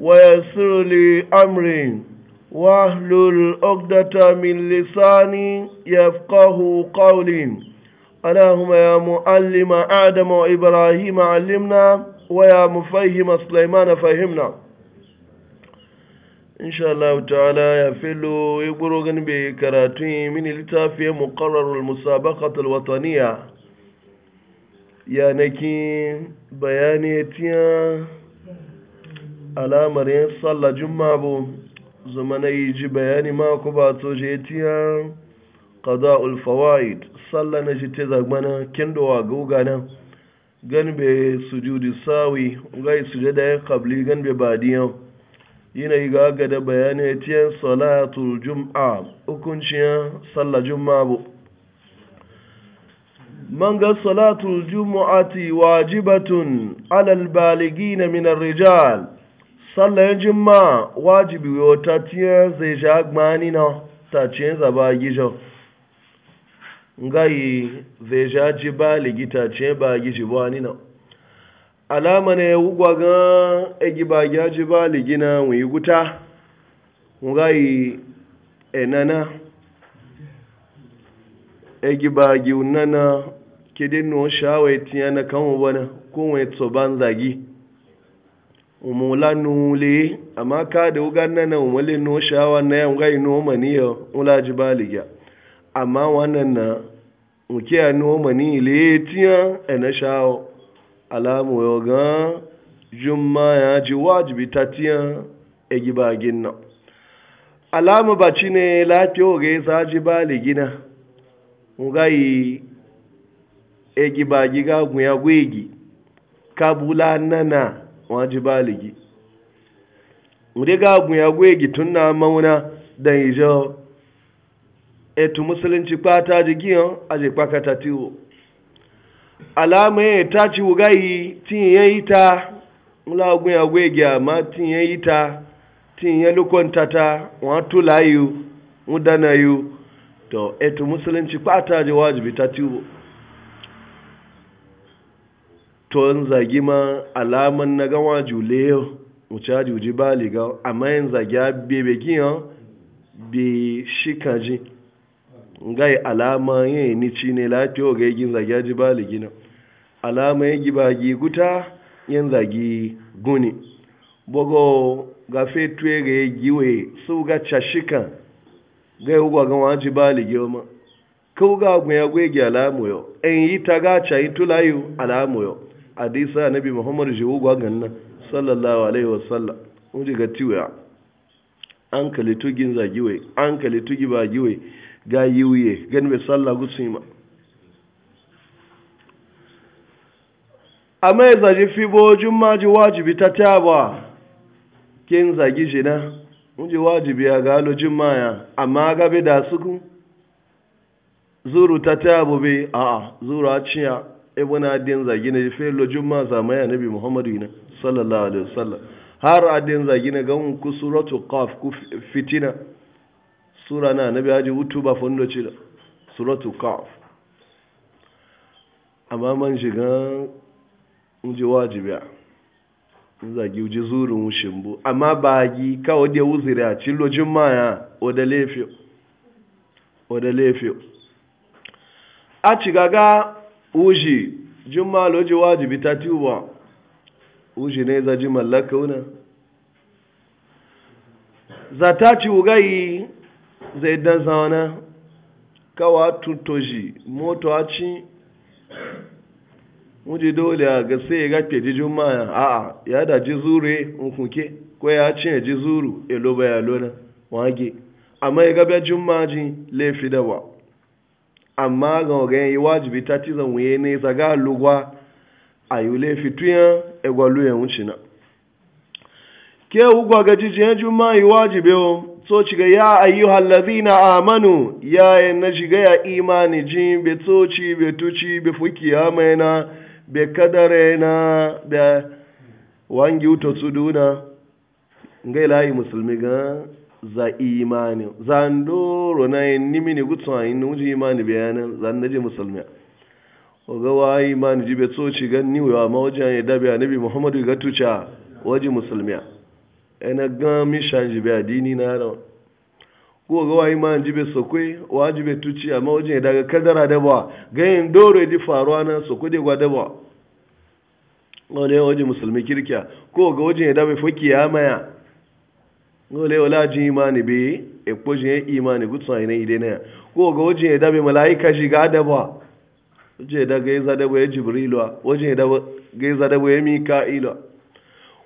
ويسر لي أمري واحلل عقدة من لساني يفقه قولي اللهم يا معلم آدم وإبراهيم علمنا ويا مفهم سليمان فهمنا إن شاء الله تعالى يفل يبرغن بكراتي من التافية مقرر المسابقة الوطنية يا نكي بيانيتيا alamar yin sallah juma'a bu yi ji bayani ma ku ba to je tiya kada Ulfawai, fawaid na na te zagbana kendo wa guga gan be sujudi sawi ga sujada ya kabli gan be badiyan yana yi ga gada bayani ya tiya salatul juma'a hukuncin sallah juma'a bu من قال صلاة الجمعة واجبة على البالغين من الرجال sallayin jimma wajibi wata tiyar zai sha gbani na ta ce zaba gijo ngayi zai sha ji ba ligita ce ba gijo ba ni na alama ne wugwa ga egi ba gya ji ba ligina wuyi guta ngayi enana egi ba gi unana kidin no shawai tiyana kan wani ko wani tsoban zagi umula nuli amma ka da wugan na umule no shawa na yan gai no maniyo ula jibaliga amma wannan na uke no mani le tiya ena shawo alamu yoga jumma ya ji wajibi ta tatiya egiba ginna alamu baci ne lafiyo ga isa jibali gina ngai egiba giga guya gwegi kabula nana ji baligi wuri ga bu ya goye gitun na mauna da ijo etu musulunci kpata jigiyan a aji kpakata tiwo alama ya ta ci wugayi yi ta mula ogun ya goye gi ama tin yi ta tinye ya lukon tata wọn tula yi mudana yi to etu musulunci kpata ji wajibi ta tiwo ton zagi ma alaman na gawa jule wuce juji ba liga amma yin zagi a bebe giya bi shi kaji ngai alama yin ni ci ne lafiya ga yi zagi ji ba ligina alama yin giba gi guta yin zagi guni bogo gafe tuye ga yi giwe su ga shika, ga yi ugwa gawa ji ba ligiyo ma kau ga agun ya gwe gi alamu yau en yi ta gacha yi tulayu alamu yau hadisa nabi muhammad shehu gwa ganna sallallahu alaihi wasallam wuje ga tiwa an kali tugin zagiwe an kali tugi ba giwe ga yiwuye gan bai sallah gusu ma amma ya zaji fibojin maji wajibi ta taba kin zagi jina wuje wajibi ya galo ya, amma gabe da suku zuru ta taba bai a zuru a ciya E ibn adin zagi na fe lojin ma zamaya nabi muhammadu na sallallahu alaihi wasallam har adin zagi na gan ku suratu qaf ku fitina sura na nabi haji hutu ba fondo ci da suratu qaf amma man shiga unji wajibi zagi uji zurun wushin bu amma ba gi kawo da wuzuri a cin lojin ma ya oda lefiyo oda lefiyo a ci gaga uji juma loji wajibi tati uwa uji ne za jima laka una za tati ugayi zai dan zauna kawa tutoji moto aci muje dole a ga sai ga ke ji juma a a ya da ji zure nkunke ko ya ci ya ji zuru elo ba ya lona wage amma ya ga ba juma ji lefi da ba amma ga ogen yi wajibi ta ti zan wuye ne zaga lugwa a yi egwalu ya wuce ke hukwa ga jijiyan juma yi wajibi o so ciga ya ayyuhal ladhina amanu ya na shiga ya imani jin be toci be tuci be fukiya maina be kadare na be wangi uto tsuduna ngai layi musulmi ga za imani zan doro na yin nimi ne gutsun a yin wuji imani bayanan zan naje musulmi ga wa imani jibe tsoci gan ni wa ma waje an yadda a nabi muhammadu ga tuca waje musulmi ina gan mishan jibe adini na ran ko ga wa imani jibe sokwe wa jibe tuci amma waje yadda ga kadara da ba ga yin doro di faruwa nan sokwe da gwa da ba wani waje musulmi kirkiya ko ga waje yadda bai fokiya maya ngole wala ji imani be e ko je imani gutsu ina ide ne ko ga waje da be malaika ji ga da ba waje da ga za da be jibrilu waje da ga za da be mika'ila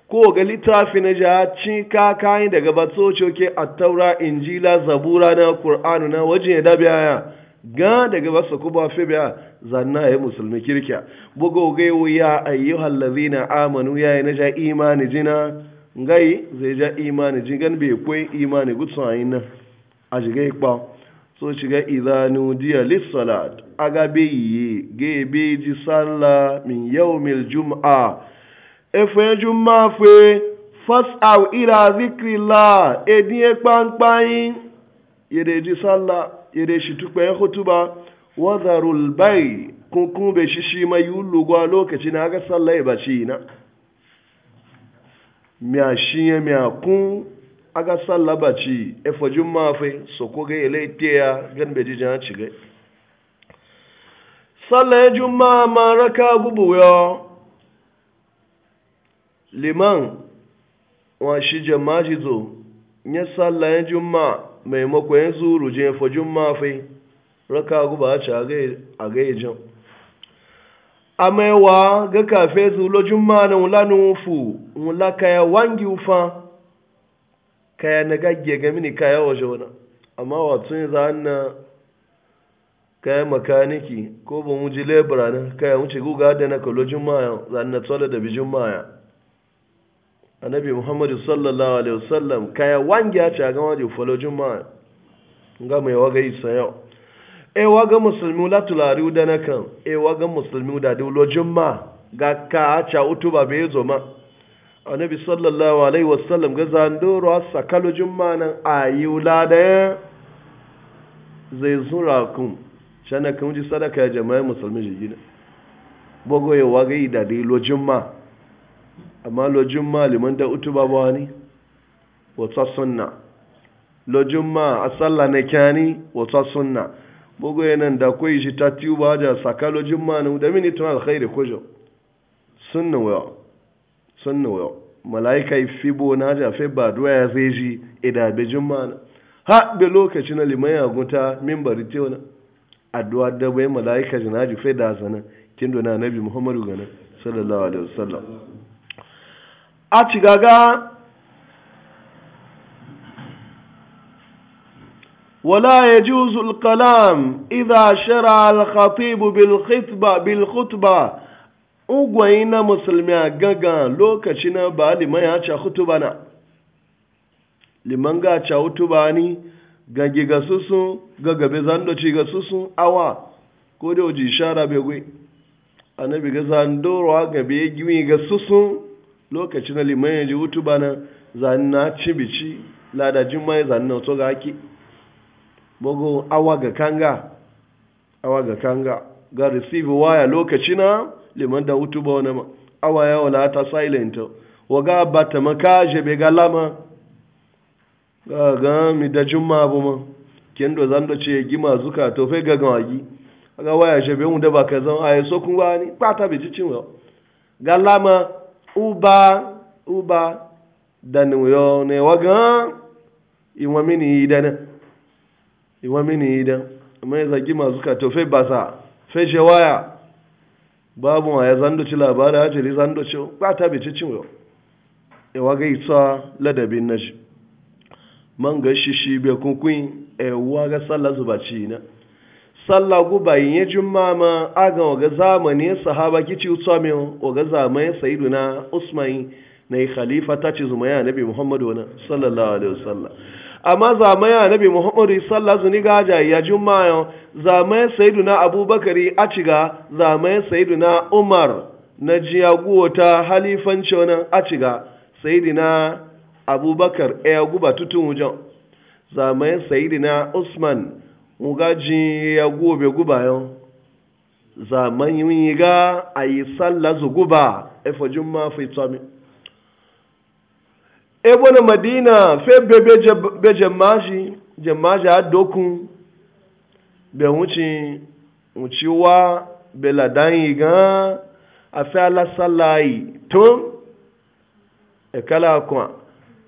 ko ga littafi na ja ci ka kayan daga batso coke attaura injila zabura na qur'anu na waje da be aya ga daga basu kuma fi biya zanna ya e musulmi kirkiya bugo gaiwu ya ayyuhallazina amanu ya yi na ja imani jina ngai zai ja imani jingan bai kwai imani gutsun yi nan a shiga ikpa so shiga idanu diya lissalat aga bai yi ga bai ji salla min yau mil jum'a efe jum'a fe fas'aw ila zikrila edin ekpankpanyin yede ji salla yede shi tukpe e hutuba wazarul bai kunkun bai shishi mai e yi lokacin aga salla ya baci na mia shinye mia kun aga sallah baci efo jumma fe ga ile tiya gan be jijan ci ga sallah ma raka gubu yo liman wa shi jama'i zo nye sallah jumma mai mako yanzu ruje efo raka gubu a ci aga aga amewa ga kafe zu lo jumma na wula fu wula kaya wangi ufa kaya na gagge ga mini kaya waje wani amma wato ne za na kaya makaniki ko ba mu ji lebra na kaya wuce guga da na kallo jumma ya za na tsola da bi maya ya annabi muhammadu sallallahu alaihi wasallam kaya wangi ya ci a gama da ufalo jumma ya ga mai waga isa yau ewa ga musulmi la tulari da na kan ewa ga musulmi da dawlojin ma ga ka cha ba be zo ma annabi sallallahu alaihi wasallam ga zandoro sakalojin ma nan ayula da zai zura ku shana kan ji sadaka ya jama'a musulmi ji gida bogo waga yi da dawlojin ma amma lojin ma liman da utuba ba ni wata sunna lojin ma a sallah na kyani wata sunna bugu yanan da koyi shi ta tiyu ba da sakalo manu da mini tun alkhairi kujo sunna wa sunna wa malaika fi bo na ja fe ba duwa ya zai ji ida be jumman ha be lokaci na liman ya guta bari te wana addu'a da bai malaika jina ji fe da zana kin dona nabi muhammadu gana sallallahu alaihi wasallam a cigaga ولا يجوز الكلام إذا شرع الخطيب بالخطبة بالخطبة أغوينا مسلمي غغا لوكاشنا بالي ما ياچا خطبنا liman ga cawutu ba ni gagi ga susu ga gabe zando ci ga susu awa ko da oji shara be gwe annabi ga zando ruwa gabe gimi ga susu lokaci na liman ya ji wutu bana zanna ci bici ladajin mai zanna to ga ki bugu awa ga kanga awa ga kanga ga receive waya lokaci na liman da hutu ba wani awa ya wala ta silent wa ga bata ma ka ga lama ga ga mi da jumma bu ma ken do zan do ce gima zuka to fe ga ga wagi ga waya jebe be mu da ba ka zan ayi so kun ba ni pata be cicin wa ga lama uba uba da ni yo ne mini idana iwa mini idan mai zaki masu ka tofe basa fe shewaya babu ma ya zandoci labarin hajjiri zandoci ba ta bici cinwa iwa ga isa ladabi na shi man ga shishi bai kunkun ewa ga sallah zubaci na sallah guba yin ya jumma ma aga waga zamani sahaba kici wa waga zamani na usman na yi khalifa ta ci ya nabi muhammadu wani sallallahu alaihi wasallam amma zamaya nabi muhammadu sallallahu alaihi gaja ya jumma'a zamaya sayyiduna abubakari a ciga zamaya sayyiduna umar na jiyaguwa ta halifanci wannan a ciga sayyiduna abubakar ya guba tutun wujan zamaya sayyiduna usman mu mugaji ya gobe guba yau zaman yi ga a yi sallah zu guba efajin fi tsamin ebo na madina fe bebe be jemaji jemaji a dokun be wuci wuci wa be ladan gan a fe ala salayi tun e kala kuma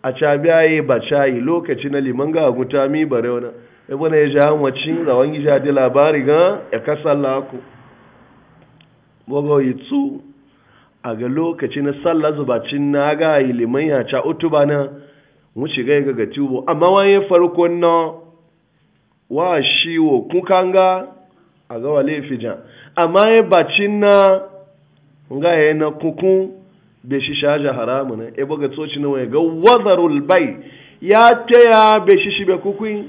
a cabi a yi bacayi lokaci na liman ga guta mi bare wani ebo na ya ji hamwacin zawon gija da labari gan e kasala ku bogo yi a ga lokaci na sallah zubacin na ga liman ya ca ba na mu shiga ga ga tubo amma wani farko na wa shi wo kukan ga a ga wa jan. amma ya bacin na ga ya na kukun bai shi shaja haramu na ya buga tsoci na wani ga wazarul bai ya taya bai shi shi bai kukun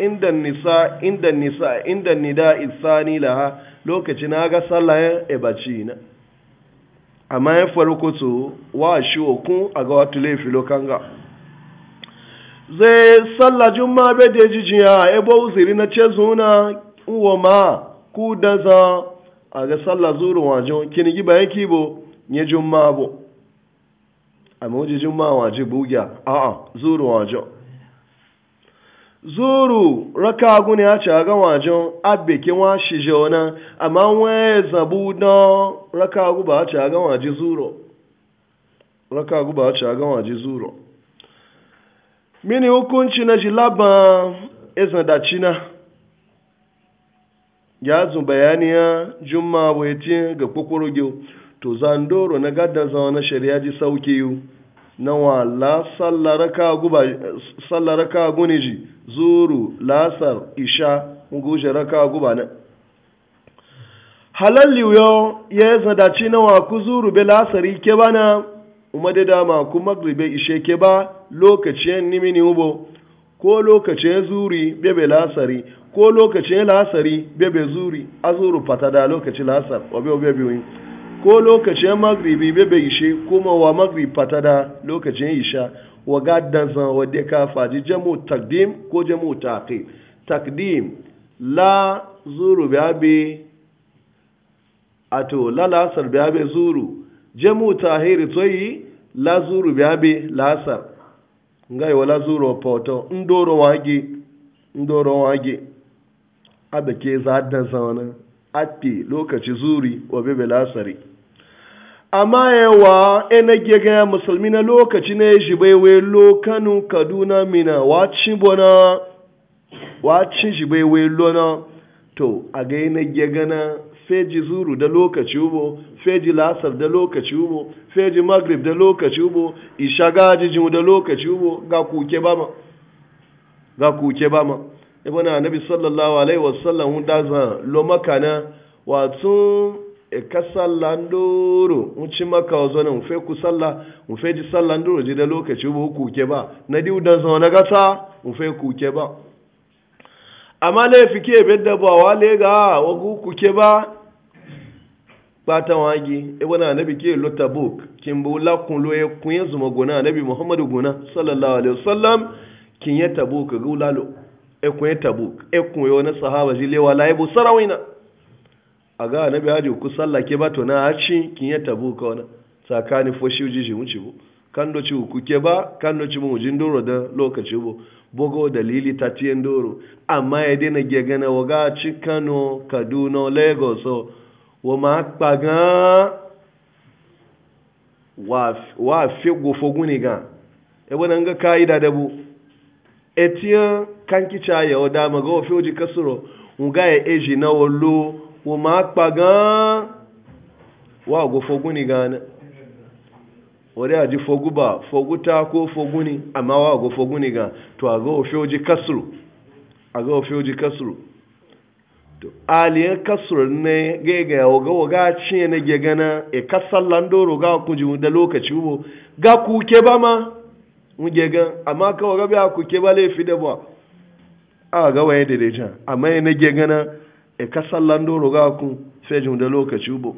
inda nisa inda nisa inda nida isani laha lokaci na ga sallah ya e baci na amma yin farko su wa shi okun a ga wata laifi lokanga zai sallah juma bai da jijiya ebo uziri na ce zuna uwa ma ku da za a ga sallah zuru wajen kini giba ya kibo ya juma bo amma wajen juma wajen bugya a zuru wajen zuru raka guni a ci a gama jin abe kinwa shi amma wani zabu na raka gu ba a ci a gama ji zuru raka gu ba a ci a gama zuru mini hukunci na ji laban izin da cina ya zun bayaniya juma bai ga kwakwaro to zandoro na gadda zama na shari'a ji sauke yiwu na la sallar ka guni ji zuru lasar isha guje raka guba na halalli yo ya zadaci na wa ku zuru be lasari ke bana kuma da dama ku magribe ishe ke ba lokacin nimini ubo ko lokacin zuri be be lasari ko lokacin lasari be be zuri azuru fata da lokacin lasar obe obe biyu ko lokacin magribi bai ishe kuma wa magribi fata da lokacin isha wa gaddan zan wadda ka faji jamu takdim ko jamu taqi takdim la zuru biabe ato la lasar abi zuru jamu tahiri toyi la zuru biabe lasar ngai wala zuru poto ndoro wage ndoro wage abake zaddan zawana atti lokaci zuri wa bebe lasari amma yawa ena gega musulmi na lokaci ne shi bai welo kanu kaduna mina wacin bona wacin shi bai welo na to a ga ena gega na feji zuru da lokaci ubo feji lasar da lokaci ubo feji magrib da lokaci ubo isha gajijin da lokaci ubo ga kuke ba ma ga kuke ba ma ibn annabi sallallahu alaihi wasallam da zan lo makana wato e ka sallah ndoro nci maka wazo na nfe ku sallah nfe ji sallah nduru ji da lokaci ba ke ba na diu dan zo na gata nfe ke ba amma laifi ke da ba wa le e ga wa ke ba batan wagi ibn e nabi ke lo tabuk kin bu la kun lo e kun ye zuma gona annabi muhammadu gona sallallahu alaihi wasallam kin ye tabuk ga ulalo e kun ye tabuk e kun ye wani sahaba ji le wala ibu sarawina a ga annabi haji ku sallake ba to na haci kin ya tabu ka wani tsakanin foshi ujiji wuce bu kan doci ku ke ba kan doci mu jin doro da lokaci bu bogo dalili ta tiyen doro amma ya dena gegana ga ci Kano Kaduna Lagos wa ma pagan wa wa fi gofo guni ga e wannan ga kaida da bu etiyan kankicha ya oda maga ofi uji kasuro nga ya eji na wolo wò máa pa gan-an wà ògo fogún ni gan-an wọ́n dẹ́ àjí fogún bá fogún tá fogún ni ga wà ògo fogún ni gan tó àgọ́ òfin ojì kásùrù àgọ́ kásùrù to aliyan kasur e ne gega ya na gegana e, e kasar landoro ga kunji da lokaci ga kuke ba ma gegan amma ka waga biya kuke ba laifi da ga amma e e sallan doro ga kun fejin da lokaci ubo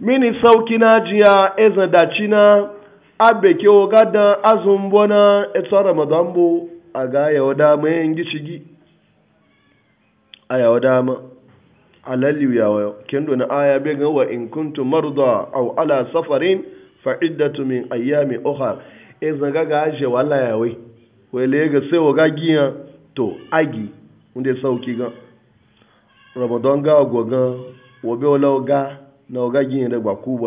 mini sauki na jiya eza da na abe ke o gada azun bona eto ramadan bo a ga yawa dama yin e gishigi a yawa dama alalli yawa kendo na aya be ga wa in kuntum marda aw ala safarin fa iddatu min ayami ukhra eza ga ga je wala yawe wele ga sai ga giya to agi unde sauki ga ramadan ga gogan wabe wala ga na waga gini da ba ku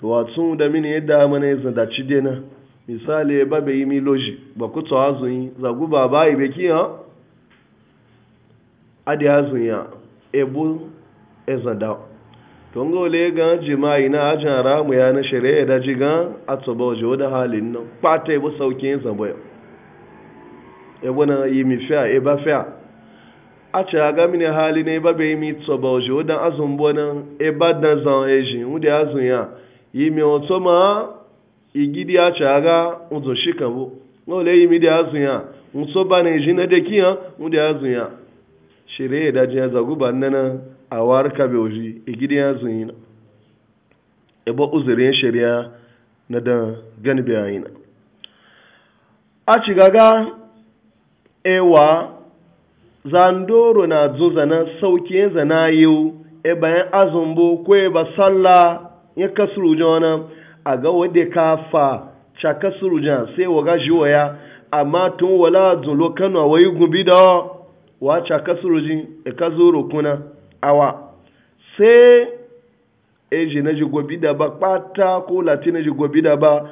to watsun da mini yadda mana yasa da ci dena misali ba bai yi mi loji ba ku tsawa zun zagu ba ha yi beki ha adi hazun ya ebu ezada to ngo le ga jima'i na ajan ramu ya na shere shari'a da jigan atoba waje da halin nan kwata ebu sauke ya zambo e ebu na yi mi fiya eba a ce a gami ne hali ne ba bai mi tso ba ojo dan azun bona e ba dan zan eji wudi azun ya yi mi oto ma igidi a ce a ga uzo shi kan bo ngo le yi mi da azun ya nso ba na eji na de ya wudi azun ya shire ya daji ya zagu ba nana a warka bai oji igidi azun yi na e ba uzurin shari'a na dan gani bayani na a ci gaga ewa zandoro na zo zana sauke zana yau e bayan azumbo ko ba salla ya kasuru jona a ga wadda ka fa ca kasuru jona sai waga waya amma tun wala zulo kano wayi gubi da wa ca kasuru ji e ka zoro kuna awa sai e ji na ji gobi da ba kpata ko latina ji gobi da ba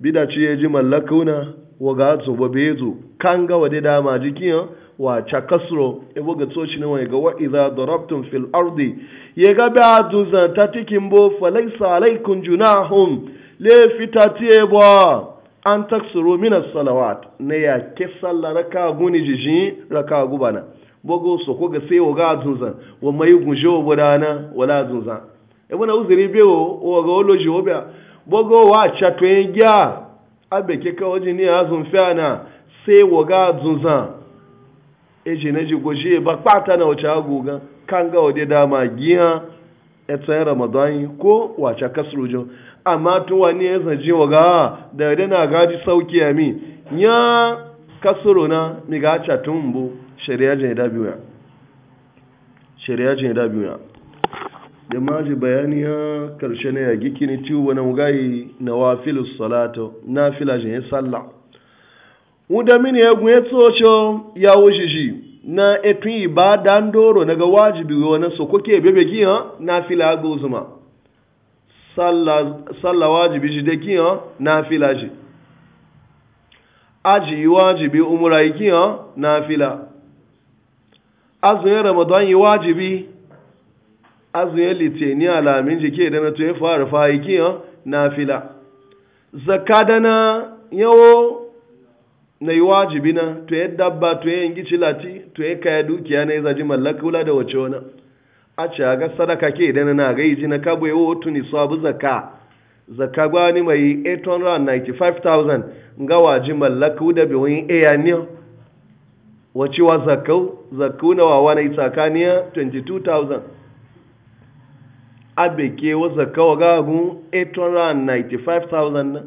bidaci ya ji mallakuna waga tso ba be zo kan ga wade ma jikin wa kasro e boga shi ne wa ga wa idza darabtum fil ardi ye ga ba za ta tikin bo falaysa alaykum junahum le fitati bo an taksuru min as-salawat ne ya ke sallah raka guni jiji raka gubana bogo so ko ga sai waga duzan wa mai gunjo bodana wala zunza e bona uzuri bewo wa ga oloji obia bogo wa chatwe gya abe ke kawaji ni ya zun na sai waga zunza e je na ji je ba kpata na wace agoga kan ga wade dama giya e tsayin ramadan ko wace kasrujin amma tuwa ni ya zaje waga da yade na gaji sauki ya mi ya kasuro na mi ga cha tumbu shari'a je da biyu ya shari'a je da biyu ya da maji bayani ya karshe ne ya giki ni tiwo wani gayi na wafilu salato na filajin ya salla wuda mini ya gwe tsoco ya wuce shi na etun ibada ndoro ga wajibi wani so kuke bebe giya na fila ga uzuma sallah wajibi shi da giya na fila shi aji wajibi umura giya na fila azumin ramadan yi wajibi azuye ni alamin jike da na tuye fara fayi kiyan na fila zaka da na yawo na yi wajibi na tuye dabba tuye yin gici lati tuye kaya dukiya na izaji mallaka wula da wace wani a ce ga sadaka ke da na ga iji na kabo yawo tuni sabu zaka zaka gwani mai 895,000 ga waji mallaka da biyoyin eyaniya wacewa zakau zakau na wawa na yi tsakaniya 22,000 abeke wasa kawa gagun 895,000 na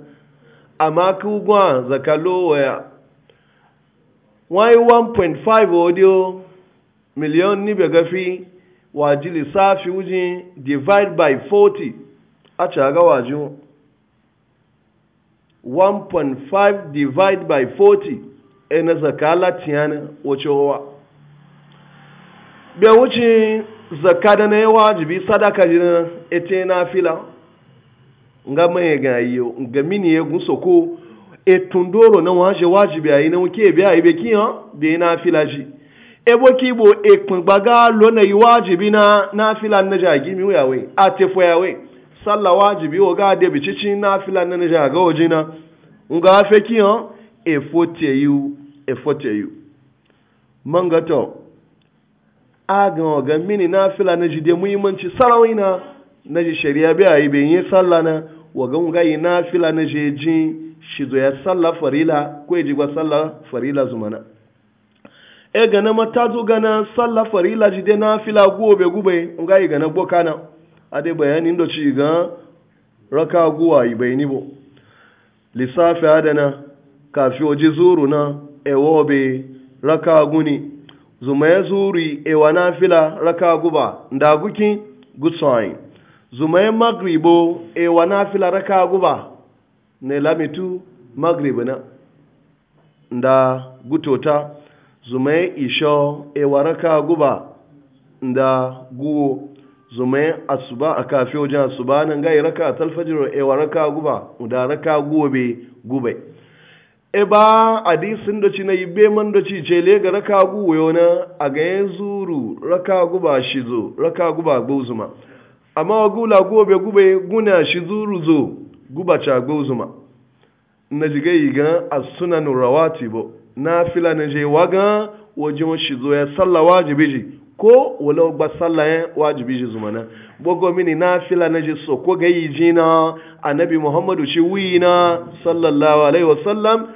amma kugwa zakalo waya wani 1.5 audio miliyon ni bai gafi waji lissafi wujin divide by 40 a caga waju 1.5 divide by 40 e na zakala tiyana wacewa bai wuce zakka da na yi wajibi sadaka jina ete na fila nga mai ga yiwu ga mini ya gusa ko e tundoro na waje wajibi ayi na wuke bi ayi be kiyan be na fila ji e bo ki bo e kun gbaga lo na yi wajibi na na fila na jagi mi yawe a te ya yawe sallah wajibi o ga de bicici na fila na na ga na nga fe kiyan e fote yu e fote yu mangato agan wa mini na fila na jide muhimmanci sarawai na na ji shari'a bi a yi bai yi sallah na wa gan gayi na fila na je ji shi zo ya sallah farila ko ya ji ba sallah farila zumana e gana mata zo gana sallah farila jide na fila gobe gube gayi gana boka na a dai bayanin da ci ga raka guwa yi bai ni bo lissafi adana kafi oji zuru na ewobe raka guni zuma ya zuri ewa na fila raka guba nda guki gutsoin zuma ya magribo ewa na fila raka guba ne lamitu magribo na nda gutota zuma ya isho ewa raka guba nda guwo zuma ya asuba a kafi wajen asuba nan gai raka talfajirar ewa raka guba nda raka guwa be gubai eba hadisin da ci na yi beman da ci ce le ga raka gu wayona a ga ya zuru raka gu ba shi zo raka gu ba gbozuma amma gula gu gube guna shi zuru zo guba ca gbozuma na jiga yi ga as-sunan rawatibo na fila na je waga wajen shi zo ya sallah wajibi ji ko wala gba sallah ya wajibi ji na bogo mini na fila na je so ko ga yi jina annabi muhammadu shi wi na sallallahu alaihi wasallam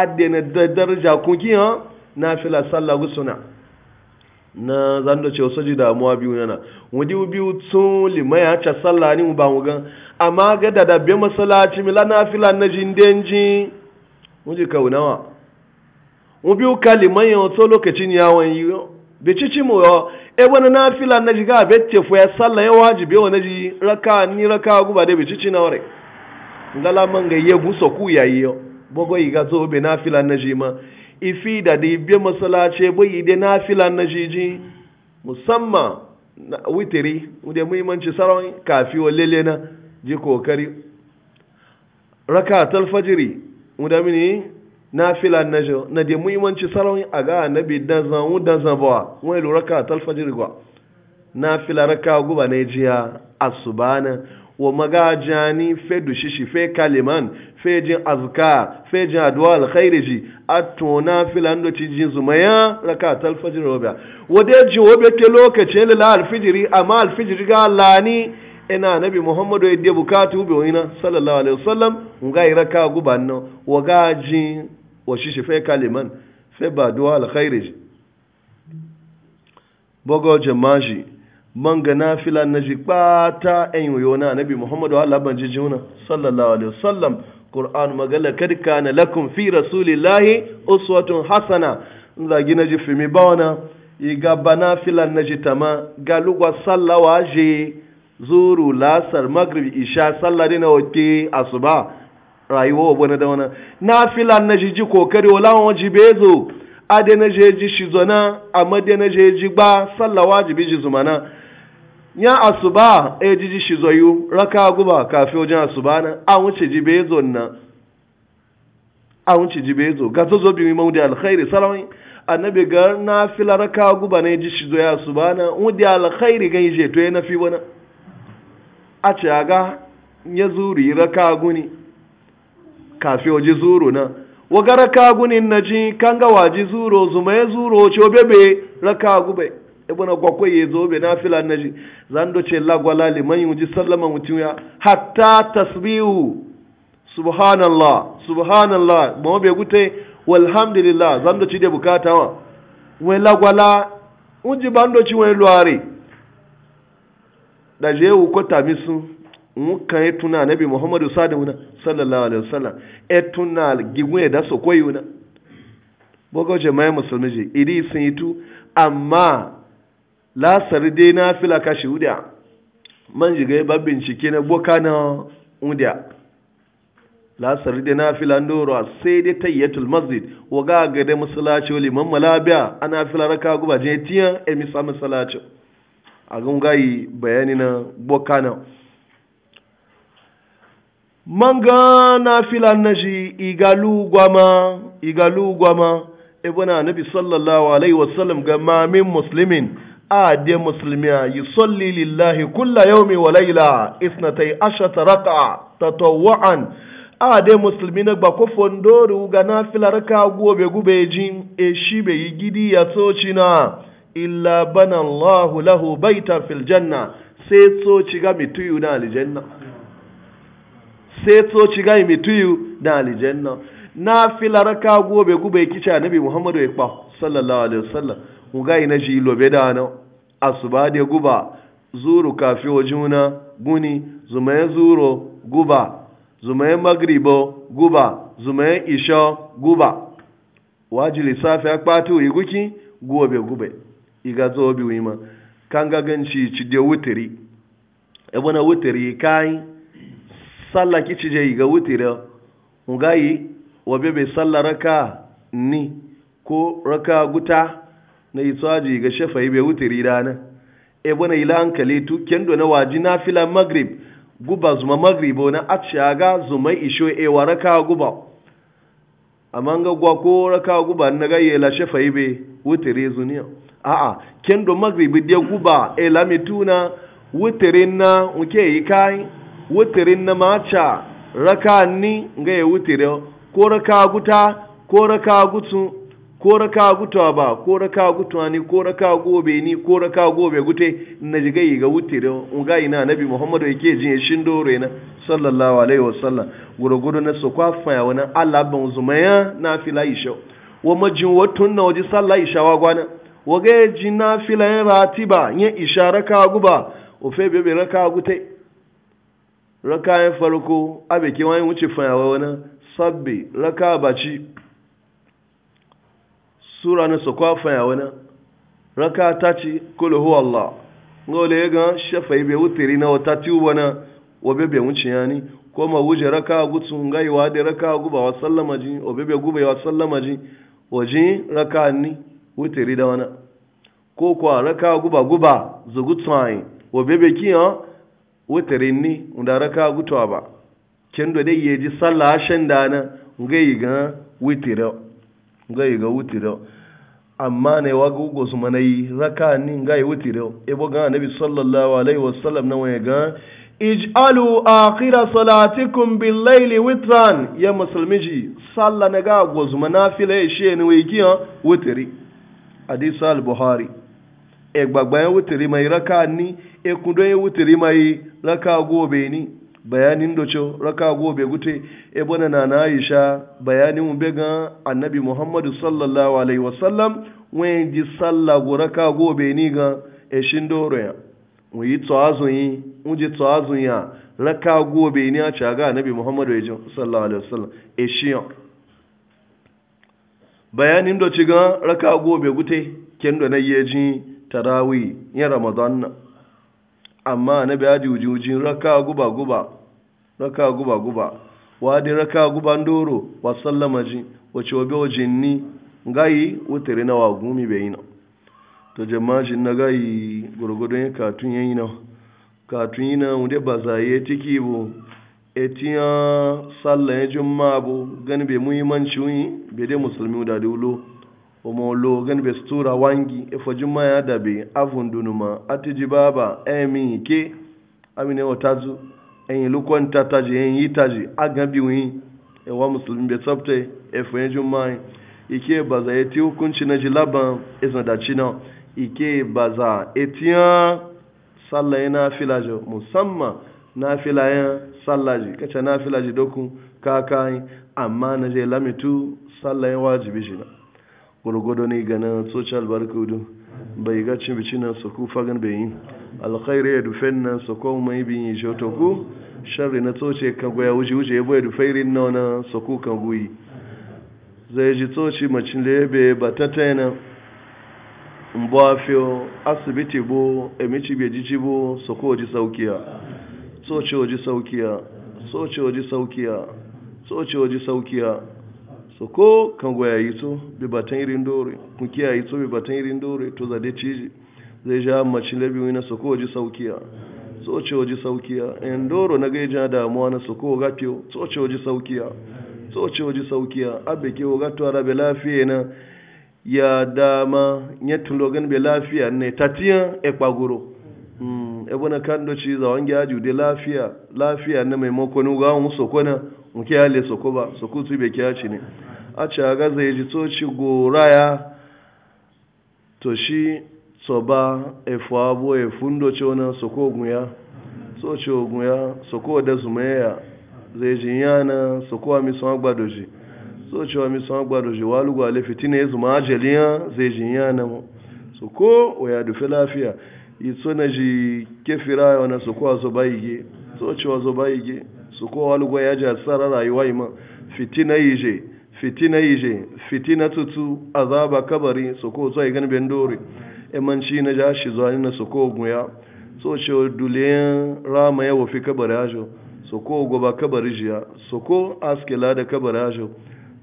adena da daraja kun ki ha na fila sallah gusuna na zan da cewa soji damuwa biyu yana wadi biyu tun lima ya ca sallah ni mu ba mu gan amma ga da da be masallaci mila na fila na jindenji mun ji kaunawa mu biyu kaliman yau to lokacin yawon yi bi cici mu yo e wani na fila na ji ga be tefu ya sallah ya wajibi wa na ji raka ni raka guba da bi cici na wore ngala manga ye ga ku ya yayi yo bogo ga zo be nafila na ji ma ifi da da biya masalace bo yi da nafila na ji ji musamman witiri da muhimmanci sarawai kafi wa lele na ji kokari raka talfajiri da mini nafila na ji na da muhimmanci sarawai a ga annabi dan zan wu dan zan bawa wani raka talfajiri kwa nafila raka guba na jiya asubana wa magajani fe dushishi fe kaliman fe jin azka fe jin addu'a alkhairi ji atona filan do ci jin zumaya rakat wa wa de ji be ke lokaci la alfijiri amma alfijiri ga lani ina nabi muhammadu ya bukatu be wina sallallahu alaihi wasallam nga iraka gubanno wa gaji wa shishi fe kaliman fe ba addu'a alkhairi ji bogo jamaji man ga nafila na ji ɓata ɗan na nabi muhammadu allah ban ji juna sallallahu alaihi wasallam qur'an magala kad na lakum fi rasulillahi uswatun hasana zagi na ji fimi ba wana bana filan na ji tama ga lugwa sallawa je zuru lasar maghrib isha sallah dina wake asuba rayuwa wa bana da wana na fila na ji ji kokari wala waji bezo ade na je ji zona amma de na je ji gba sallah wajibi ji zumana ya asuba ejiji shizoyu raka guba afi wajen asuba na an wuce ji bezo na an ji bezo ga zo bi mu da alkhairi sarawin annabi ga na fila raka guba na e ji shizo ya asuba na mu alkhairi ga ije to na fi wani a aga nye zuru yi raka guni afi waje zuru na waga raka gunin na ji kan ga ji zuru zuma ya zuru ce bebe raka gubai ibn gwakwai ya zo bai nafila na ji zan doce lagwala liman yi wuji sallama mutum ya hatta tasbihu subhanallah subhanallah ba bai gute walhamdulillah zan doce da bukata wa wai lagwala un ji ban doce wani luwari da je wu ko tamisu mukan yi tuna nabi muhammadu sadu sallallahu alaihi wasallam e tuna gigun ya da so koyi wuna bogo mai musulmi ji idi sun yi tu amma lasar dai na fila kashi wuda man jigai ba bincike na boka na wuda lasar dai na fila ndoro sai dai tayyatul masjid wa ga ga da masallaci liman malabiya ana fila raka guba je tiyan e misa masallaci a gan gayi bayani na boka na man ga na fila na shi igalu gwama igalu gwama ibuna e nabi sallallahu alaihi wasallam ga mamin muslimin ade ah, musulmiya yi salli lillahi kulla yaumi wa laila isnatai ashata raka tatawwa'an ade ah, musulmi na gba ko fondoro ga na filarka gobe gube jin e shi be yi gidi ya tsoci na illa bana allahu lahu baita fil janna sai tsoci ga mituyu na aljanna sai tsoci ga mituyu na aljanna na ka gobe gube kici nabi muhammadu ya kpa sallallahu alaihi wasallam ngai na jilo lobe da na asuba de guba zuru kafi wa juna guni zumaye zuro guba zumaye magribo guba zumaye isha guba wajili safi akpatu iguki gobe gube iga bi wima kanga ganci ci de wutiri ebona wutiri kai sallah kici je iga wutiri ngai wa bebe salla raka ni ko raka guta na itsaji ga shafa'i bai wutiri dana e bana ila hankali tu kendo na waji na fila magrib guba zuma magrib maghrib na ga zuma isho e waraka guba amma ga gwa ko raka guba na ga yela shafa'i bai wutiri zuniya a a kendo magrib dia guba e lamituna wutirin na uke yi kai wutirin na macha raka ni ga ya wutiri ko raka guta ko raka gutsu ko raka gutuwa ba ko raka gutuwa ni ko raka gobe ni ko raka gobe gute na ji yi ga da unga na nabi muhammadu yake jin ya shin dore na sallallahu alaihi wasallam gurugudu na su kwafa ya wani allah ban zumaya na fila isha wa majin watun na waje sallah isha wa gwana wa ga ji na fila yin ba, yin isha raka guba ofe bebe raka gute raka yin farko abe ke wani wuce fayawa ya wani sabbi raka baci sura na sokwa faya wani raka ta ci kulu huwa Allah ngole ga shafa ibe wutiri na wata ti wana obe be wuce yani ko ma wuje raka gutsu ngai wa de raka guba wa sallama ji obe be guba wa sallama ji waji raka ni wutiri da wana ko kwa raka guba guba zugutsai obe be kiyo wutiri ni unda raka gutwa ba kendo dai ji sallah shan dana ngai ga wutiro gai ga wutiro amma ne wa gugu su manayi raka nin gai wutiro ibo ga nabi sallallahu alaihi wasallam na waya ga ij'alu akhira salatikum bil layli witran ya muslimiji salla na ga gozu manafila ya she ni wai wutiri hadis al buhari e gbagba ya wutiri mai raka ni e kudo ya wutiri mai raka gobe ni bayanin da ce raka gobe gute e bana na na aisha bayanin mu ga annabi muhammadu sallallahu alaihi wasallam wen ji sallah go raka gobe ni ga e shin doro ya mu yi tsawazun yi mu ji tsawazun ya raka gobe ni a ca ga annabi muhammadu e sallallahu alaihi wasallam e shi bayanin da ci ga raka gobe gute kendo na yeji tarawi ya ramadan amma na biya jujujin raka guba guba raka guba guba wadi raka guba ndoro wa sallama ji wace wabe wajen ni gayi wutare na wa gumi bai na to jama'ajin na gayi gurgudun ya katun ya na katun yi na wunde ba zaye tiki bu etiyan sallan ya jumma bu gani bai muhimmanci wuyi bai dai musulmi da dulo omo lo gani bai sutura wangi efa jumma ya dabe avun dunuma atiji baba emi ke amine tazu. ẹ̀yìn kọ́ ń tataji ẹ̀yìn yìí taji agabi wọn ẹ̀wà mùsùlùmí bẹ̀ sọ́pùtẹ̀ ẹ̀fọ́ ẹ̀jú máa ike baza etí hukunci na jilaban e isnadaci na ike baza etiyan sallaye na filaji musamman na filayen sallaji kace na filaji doku káàká amma na nàìjíríà lamitu sallayen wajibi shi na gurgudu ne ganin social barkudu bai ga cin bici na su ku fagan bai yi alkhairu ya dufe na su ko mai bin yi shoto ku Shari na tsoce ka goya wuce wuce ya bai dufairin na wani su ku kan guyi zai ji tsoci macin lebe ba ta taina mbo fiye asibiti bo emici bai jici bo su ko ji saukiya tsoce waji saukiya tsoce waji saukiya tsoce waji saukiya so ko kan goya yi so bi batan irin dore kun kiya yi so bi batan irin dore to zade ciji zai ja macin labi wani so ko waje saukiya so ce waje saukiya en doro na gaija damuwa na so ko ga fiyo so ce waje saukiya so ce waje saukiya abe ke ga to arabe lafiya na ya dama ya gan be lafiya ne tatiya e kwagoro mm e bona kando ci za wangi aju de lafiya lafiya na mai maimakon ga mu na mu ke so sokoba su be ci ne a ci aga zai ji toci goraya to shi tsoba efu abu efun doce wani soko gunya toci gunya soko da zumaya zai ji yana soko a misan agbadoji toci wa misan agbadoji walugu ale fitina ya zuma ajaliya zai ji yana soko o ya dufe lafiya itso na ji kefira wani soko a zoba ige toci wa zoba ige soko walugu ya ji rayuwa ima fitina yi je fitina yije fitina tutu azaba kabari soko so igan bendore e man shi na ja shi zuwa na su ko guya so ce duliyan rama ya wafi kabari ajo su soko goba kabari jiya su soko askela da kabari ajo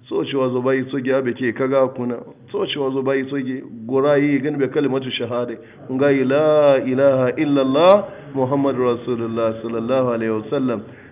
so ce wazo bai soge abe ke kaga kuna so ce wazo bai soge gora yi gan be kalimatu shahada kun ga la ilaha illallah muhammadu rasulullah sallallahu alaihi wasallam